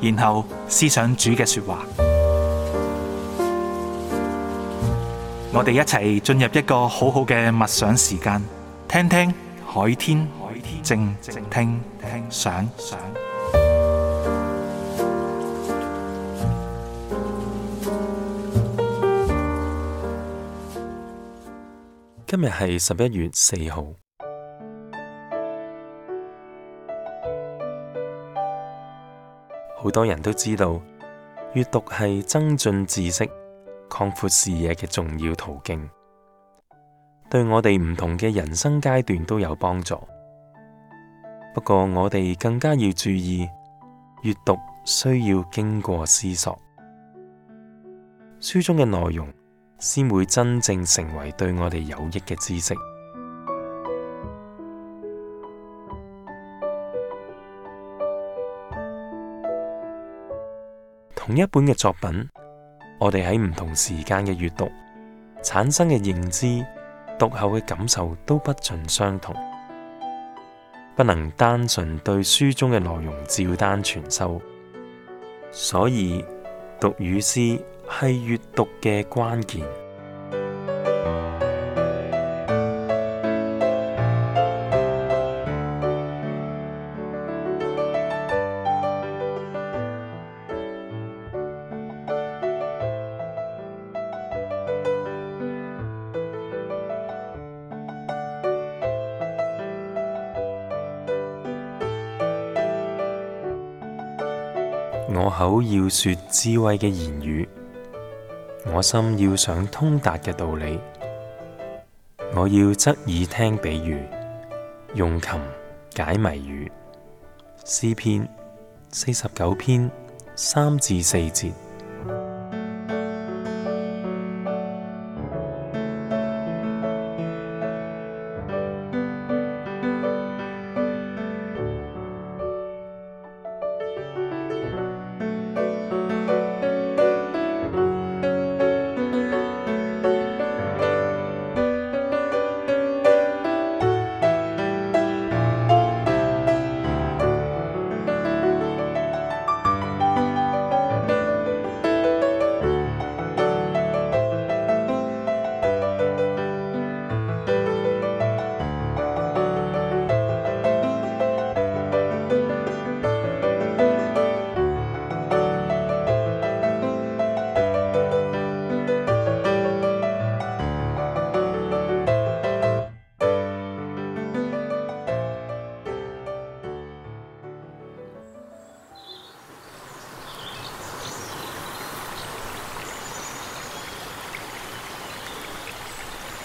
然後思想主嘅說話，嗯、我哋一齊進入一個好好嘅默想時間，聽聽海天靜靜，聽聽想。今日係十一月四號。好多人都知道，閱讀係增進知識、擴闊視野嘅重要途徑，對我哋唔同嘅人生階段都有幫助。不過我哋更加要注意，閱讀需要經過思索，書中嘅內容先會真正成為對我哋有益嘅知識。同一本嘅作品，我哋喺唔同時間嘅閱讀，產生嘅認知、讀後嘅感受都不盡相同，不能單純對書中嘅內容照單全收。所以，讀與思，係閱讀嘅關鍵。我口要說智慧嘅言語，我心要想通達嘅道理。我要側耳聽比喻，用琴解謎語。詩篇四十九篇三至四節。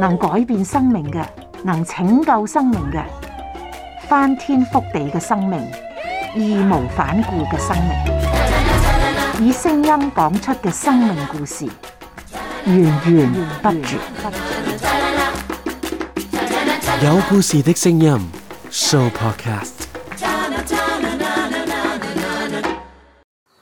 能改變生命嘅，能拯救生命嘅，翻天覆地嘅生命，義無反顧嘅生命，以聲音講出嘅生命故事，源源不絕。有故事的聲音 Sooo Podcast。